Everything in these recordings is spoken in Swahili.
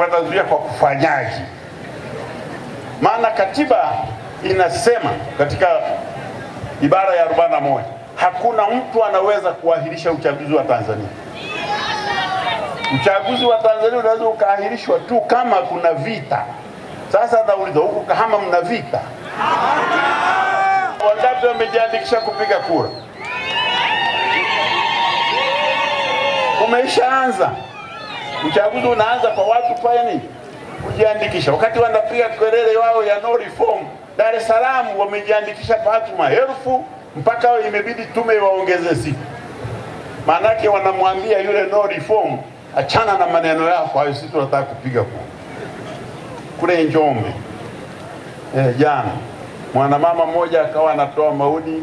watazuia kwa kufanyaji Maana katiba inasema katika ibara ya arobaini na moja hakuna mtu anaweza kuahirisha uchaguzi wa Tanzania. Uchaguzi wa Tanzania unaweza ukaahirishwa tu kama kuna vita. Sasa nauliza huku Kahama mna vita? Wangapi wamejiandikisha kupiga kura? umeishaanza uchaguzi unaanza kwa watu kufanya nini? Kujiandikisha. Wakati wanapiga kelele wao ya no reform, Dar es Salaam wamejiandikisha watu maelfu, mpaka wao imebidi tume iwaongeze siku. Maanake wanamwambia yule no reform, achana na maneno yako hayo, sisi tunataka kupiga kura. Kule Njombe eh, jana mwanamama mmoja akawa anatoa maoni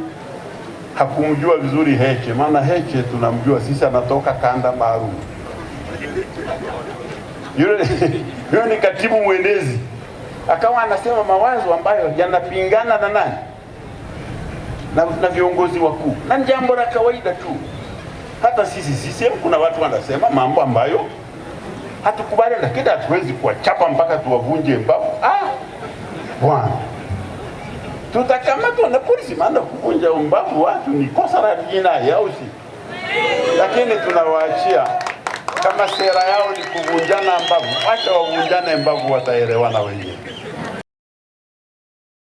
hakumjua vizuri Heche, maana Heche tunamjua sisi, anatoka kanda maalumu yule yule ni katibu mwenezi, akawa anasema mawazo ambayo yanapingana na nani na, na viongozi wakuu, na jambo la kawaida tu. Hata sisi sisi kuna watu wanasema mambo ambayo hatukubali, lakini hatuwezi kuwachapa mpaka tuwavunje mbavu. Ah, bwana tutakamatwa na polisi, maana kuvunja mbavu watu ni kosa la jinai, au si? Lakini tunawaachia kama sera yao ni kuvunjana mbavu, wacha wavunjane mbavu, wataelewana wenyewe.